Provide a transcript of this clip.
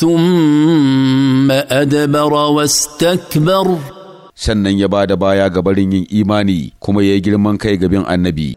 ثم أدبر واستكبر sannan ya ba da baya ga barin yin imani kuma ya yi girman kai ga bin annabi